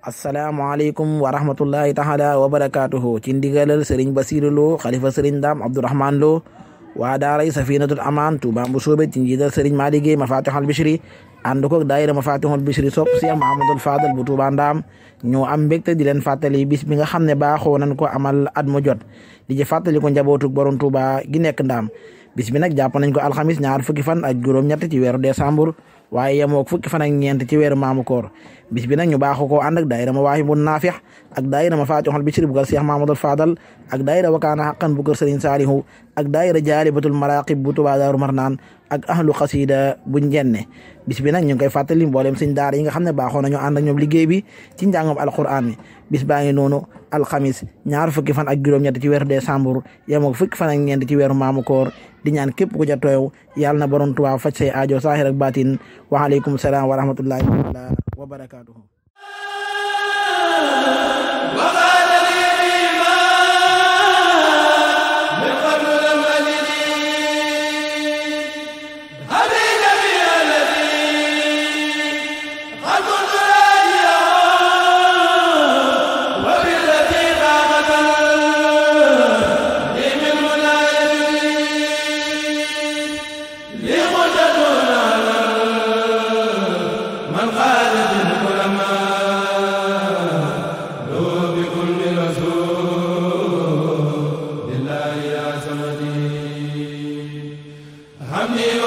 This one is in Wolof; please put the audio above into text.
Assalamualaikum warahmatullahi wa rahmatullahi tahala wa Sering ci ndigalal sëriñ basiru lo xalifa sëriñ dam abdourahman lo waa safinatul aman tu bu soobe ci njiital sëriñ maali géey mafatihul bichri ànd koog daayira mafatihul bichri sopp si mahamadul fadal bu tuuba ndaam ñoo am mbégte di bis bi nga xamne ba xonan ko amal ad mo jot di Je fatali ko njabotuk borom tuba gi nek ndam bis bi nag japp nañ ko khamis ñaar fukki fan ak juroom ñatt ci weeru décembre waye yamok fukki fan ak ñent ci mamukor bis bi nak ñu baxu ko ànd ak daayira Mawaahibun nafih ak daayira al bishr bu kër Cheikh al Fadal ak daayira kana Haqqan bu gal Serigne Salihu ak daayira jalibatul Maraqib bu tuba daru marnan ak ahlu qasida bu njenne bis bi nak ñu koy fatali mbolem serigne daara yi nga xamne baxu nañu and ak ñom liggey bi ci njàngam al qur'an bis baa ngi al khamis ñaar fukki fan ak juroom ñet ci weeru décembre yem ak fukki fan ak ñent ci weeru mamukor di ñaan kep ku borom tuba fajj say aajo sahir ak wa alaykum salaam wa rahmatullahi barakatuh wabarakatuhu Amém.